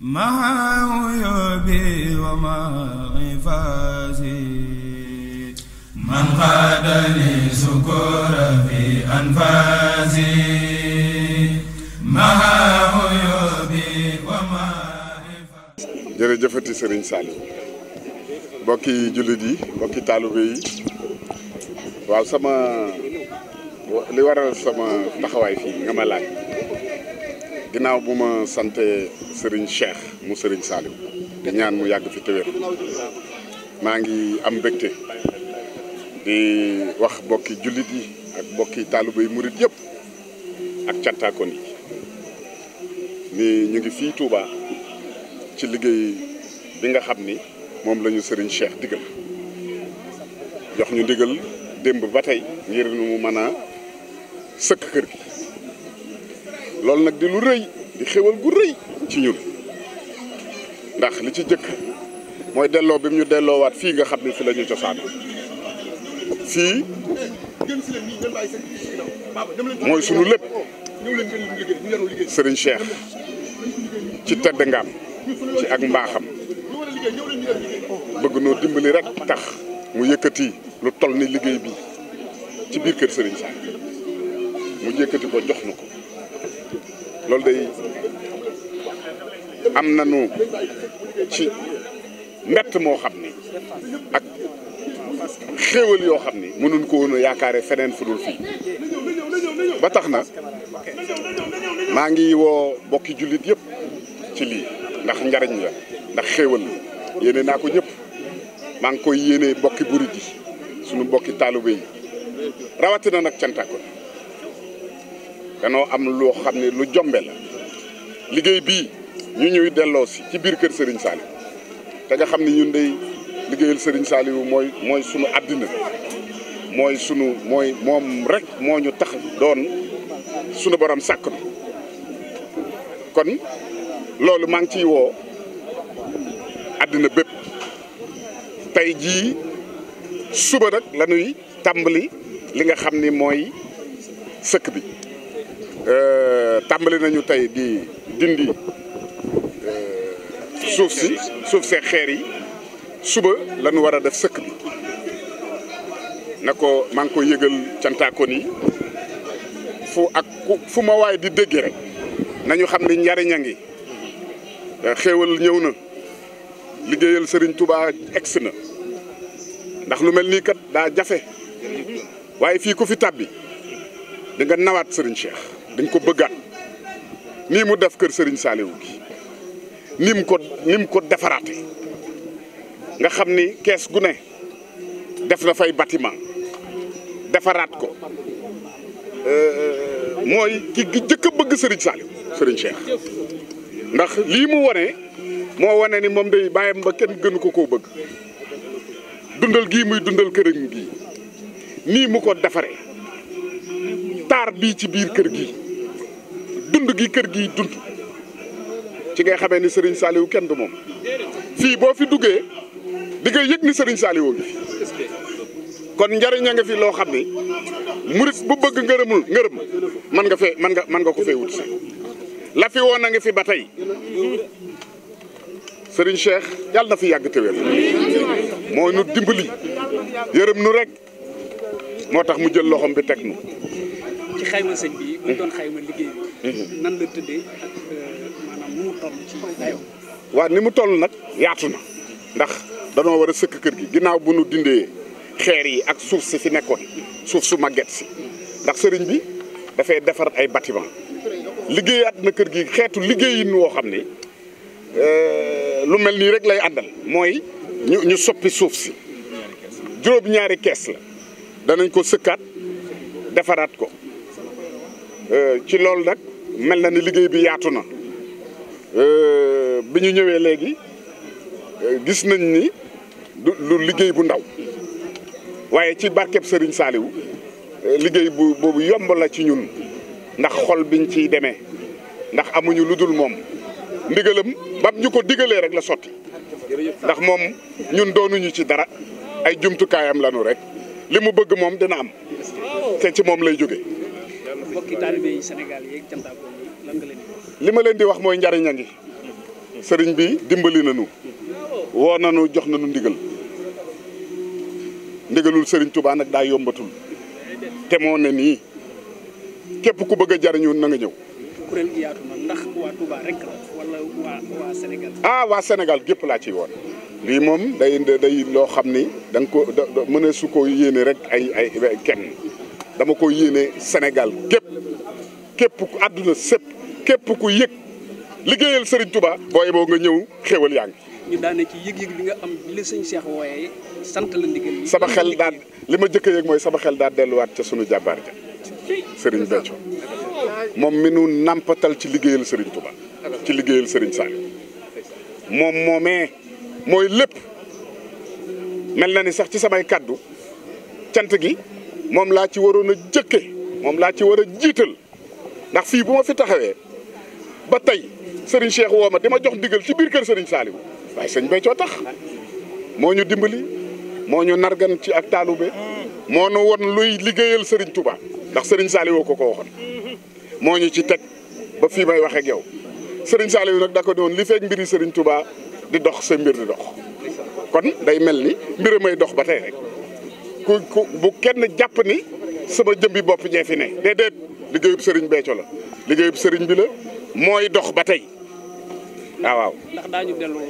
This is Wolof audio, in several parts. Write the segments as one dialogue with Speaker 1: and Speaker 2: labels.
Speaker 1: مع عيوبي ومع عفاسي من قادني سكور في أنفاسي مع عيوبي ومع عفاسي jërëjëfati Serigne Saliou mbokki jullit yi mbokki taalibe yi waaw sama li waral sama taxawaay fii nga ma laaj ginnaaw bu ma sante Serigne Cheikh mu sëriñ Saliou di ñaan mu yàgg fi téwér maa ngi am mbégte di wax bokki jullit yi ak bokki taaliba yi murit yëpp ak cantaakoon yi ni ñu ngi fii Touba ci liggéey bi nga xam ni moom lañu ñu Serigne Cheikh digal jox ñu ndigal démb ba tey ngir mu mën a sëkk kër gi loolu nag di lu rëy di xéwal gu rëy ci ñun ndax li ci jëkk mooy delloo bi mu ñu delloowaat fii nga xam ne fi la ñu cosaan fii mooy sunu lépp Serigne Cheikh ci tedd ngaam ci ak mbaaxam bëgg noo dimbali rek tax mu yëkkati lu toll ni liggéey bi ci biir kër sëriñ Cheikh mu yëkkati ko jox na ko. loolu day am nañu ci mbett moo xam ni ak xéewal yoo xam ne mënuñ ko woon a feneen fu dul fii ba tax na maa ngi woo bokki jullit yépp ci lii ndax njariñ la ndax xéewal la naa ko ñëpp maa ngi koy yéene bokki burit yi sunu bokki taalibe rawatina nag cantakoon danoo am loo xam ne lu jombe la liggéey bii ñu ñuy delloo si ci biir kër sëriñ Saliou te nga xam ne ñun day liggéeyal saali Saliou mooy mooy sunu àddina mooy sunu mooy moom rek moo ñu tax doon sunu borom sàkk na kon loolu maa ngi ciy woo àddina bépp tey jii suba nag la tàmbali li nga xam ni mooy sëkk bi Euh, tàmbali nañu tey di dindi euh, suuf si suuf see xeer yi suba la ñu war a def sëkk bi na ko maa ngi ko yëgal cantaakoon yi fu ak fu ma waay di dégg rek nañu xam ni njariñ a ngi euh, xéewal ñëw na liggéeyal sëriñ tubaa egsi na ndax lu mel nii kat daa jafe waaye fii ku fi tàbbi di nga nawaat sëriñ Cheikh. dañ ko bëggaat nii mu def kër Serigne Saliou gi ni mu ko ni mu ko defaraate nga xam ni kees gu ne def na fay bâtiment defaraat ko euh, mooy ki gi jëkk a bëgg sëriñ Saliou Serigne Cheikh ndax lii mu wane moo wane ni moom day bàyyam ba kenn gënu ko koo bëgg dundal gii muy dundal këram gii nii mu ko defaree taar bii ci biir kër gi dund gi kër gi dund ci ngay xamee ni Serigne Saliou kenn du moom fii boo fi duggee di nga yëg ni sëriñ Saliou ngi kon njariñ a nga fi loo xam ni murit bu bëgg ngërëmul ngërëm man nga fee man nga ko fee wut si la fi woon a nga fi ba tey sëriñ Cheikh yàlla na fi yàgg te wér moo nu dimbali yërëm nu rek moo tax mu jël loxom bi teg nu ci xayma sëñ bi bu doon xayma liggéey bi. Mhm. Mhm. la tëddee ak euh, mu toll ni mu toll nag yaatu na ndax danoo war a sëkk kër gi ginnaaw bu nu dindee xeer yi ak suuf si fi nekkoon suuf su màgget si ndax sëriñ bi dafay defar ay bâtiment liggéeyaat na kër gi xeetu liggéeyin woo xam ne euh, lu mel nii rek lay àndal mooy ñu ñu soppi suuf si juróom ñaari kees la danañ ko sëkkaat defaraat ko Euh, ci loolu nag mel na ni liggéey bi yaatu na euh, bi ñu ñëwee léegi euh, gis nañ ni lu liggéey bu ndaw waaye ci barkeb sëriñ Saliou liggéey bu boobu yomb la ci ñun ndax xol biñ ciy demee ndax amuñu lu dul moom ndigalam bam ñu ko digalee rek la sotti ndax moom ñun doonuñu ci dara ay jumtukaayam lanu rek li mu bëgg moom dina am te ci moom lay jóge mbokki taalibe yi li ma leen di wax mooy njariña ngi sëriñ bi dimbali nañu woo nañu jox nañu ndigal ndigalul sëriñ Touba nag daa yombatul te moo ne nii képp ku bëgg a jariñu na nga ñëw. kuréel waa Touba ah, gépp laa ci woon. lii moom day day loo xam ni da ko da mënee su ko yéene rek ay ay kenn. dama ko yéene Sénégal képp képp ku àdduna sépp képp ku yëg liggéeyal Serigne tubaa booy boo nga ñëw xéwal yaa ngi. ñu daane ci yëg nga am li sëñ Cheikh sant la sama xel daal li ma jëkk a mooy sama xel daal delluwaat ca sunu jàmbaar ja Serigne Béthio moom mi nu nampatal ci liggéeyal Serigne Touba ci liggéeyal Serigne Saliou moom moomee mooy lépp mel na ni sax ci samay kàddu cant gi. moom laa ci waroon a jëkke moom laa ci war a jiital ndax fii bu ma fi taxawee ba tey Serigne Cheikh woo ma di ma jox ndigal ci biir kër Serigne Saliou waaye sëñ coo tax moo ñu dimbali moo ñu nargan ci ak taalube moo nu won luy liggéeyal sëriñ Touba ndax sëriñ Saliou ko ko waxoon moo ñu ci teg ba fii may wax ak yow Serigne Saliou nag da ko doon li feeg mbiri Serigne Touba di dox sa mbir di dox kon day mel ni mbir may dox ba tey rek. ku ku bu kenn jàpp ni sama jëmbi bopp ñee fi ne déedéet liggéeyub sëriñ Béthio la liggéeyub sëriñ bi la mooy dox ba tey ah, waaw ndax daañu delloo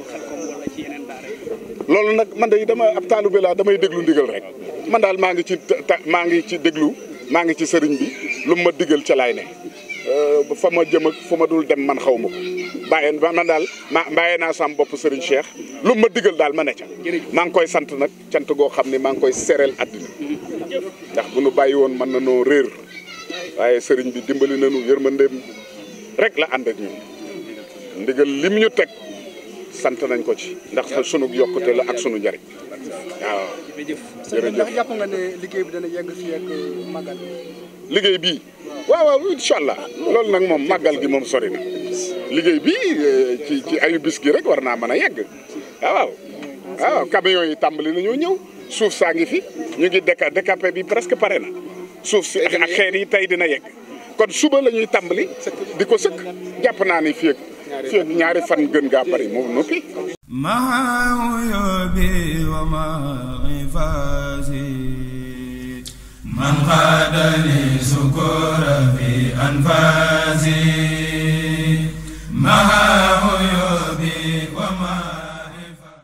Speaker 1: loolu nag man de dama ab bi laa damay déglu ndigal rek man daal maa ngi ci maa ngi ci déglu maa ngi ci sëriñ bi lu ma digal ca laay ne euh, fa ma jëm ak fa ma dul dem man xaw ma ko. bàyyeen ba man daal ma bàyyee naa sam bopp Serigne seex lu ma digal daal ma ne ca maa ngi koy sant nag cant goo xam ne maa ngi koy sereel àddina ndax bu nu bàyyi woon mën na noo réer waaye Serigne bi dimbali nañu yërmandeem rek la ànd ak ñun ndigal lim ñu teg sant nañ ko ci ndax sunu yokkute la ak sunu njariñ waaw. jërëjëf ndax liggéey bi yegg fii ak euh, liggéey bii waaw waaw incha allah ah, loolu nag moom màggal gi moom sori liggéey bi eh, ci ci ay bis gi rek war naa mën a yegg ah, waaw ah, waaw yi tàmbali nañoo ñëw suuf saa ngi fi ñu ngi déca bi presque pare na suuf si ak xeer yi tey dina yegg kon suba lañuy tàmbali di ko sëkk jàpp naa ni fii ñaari fan gën gaa bari moom noppi man xaadani sukura fi anfasi ma